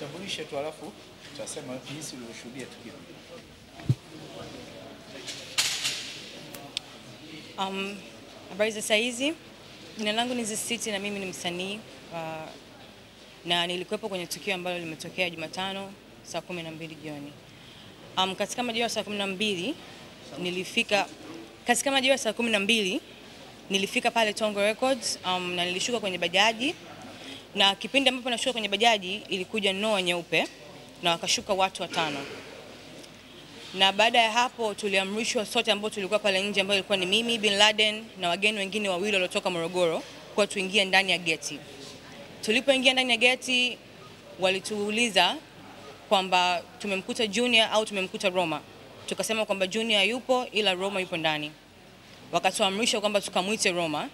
Jitambulishe tu alafu tutasema jinsi ulivyoshuhudia tukio. Um, habari za saizi, jina langu ni Zisiti na mimi ni msanii uh, na nilikuwepo kwenye tukio ambalo limetokea Jumatano saa kumi na mbili jioni. Um, katika majira saa kumi na mbili nilifika katika majira saa kumi na mbili nilifika pale Tongo Records um, na nilishuka kwenye bajaji na kipindi ambapo nashuka kwenye bajaji ilikuja noa nyeupe na wakashuka watu watano, na baada ya hapo tuliamrishwa sote ambao tulikuwa pale nje, ambayo ilikuwa ni mimi Bin Laden na wageni wengine wawili waliotoka Morogoro, kwa tuingie ndani ya geti. Tulipoingia ndani ya geti, walituuliza kwamba tumemkuta Junior au tumemkuta Roma. Tukasema kwamba Junior yupo ila Roma yupo ndani. Wakatuamrisha kwamba tukamwite Roma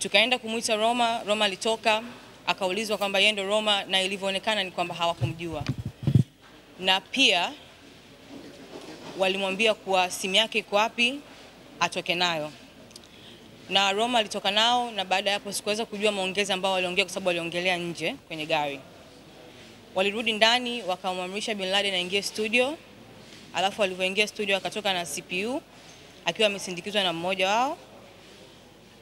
Tukaenda kumwita Roma, Roma alitoka akaulizwa kwamba yeye ndo Roma, na ilivyoonekana ni kwamba hawakumjua, na pia walimwambia kuwa simu yake iko wapi atoke nayo na Roma alitoka nao, na baada ya hapo sikuweza kujua maongezi ambao waliongea kwa sababu waliongelea nje kwenye gari. Walirudi ndani wakamwamrisha Bin Laden aingie studio, alafu alivyoingia studio akatoka na CPU akiwa amesindikizwa na mmoja wao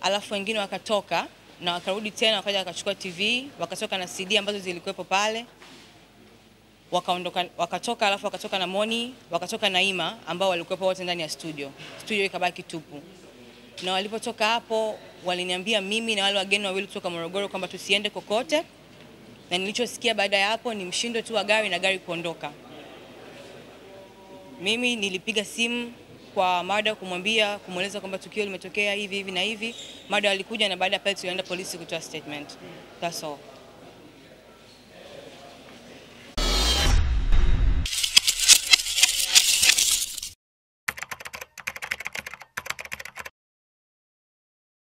alafu wengine wakatoka na wakarudi tena wakaja wakachukua TV wakatoka na CD ambazo zilikuwepo pale wakaondoka, wakatoka alafu wakatoka na Moni wakatoka na Ima ambao walikuwepo wote ndani ya studio, studio ikabaki tupu. Na walipotoka hapo waliniambia mimi na wale wageni wawili kutoka Morogoro kwamba tusiende kokote, na nilichosikia baada ya hapo ni mshindo tu wa gari na gari kuondoka. Mimi nilipiga simu kwa Mada kumwambia kumweleza kwamba tukio limetokea hivi hivi na hivi. Mada alikuja na baada ya pale tulienda polisi kutoa statement. That's all.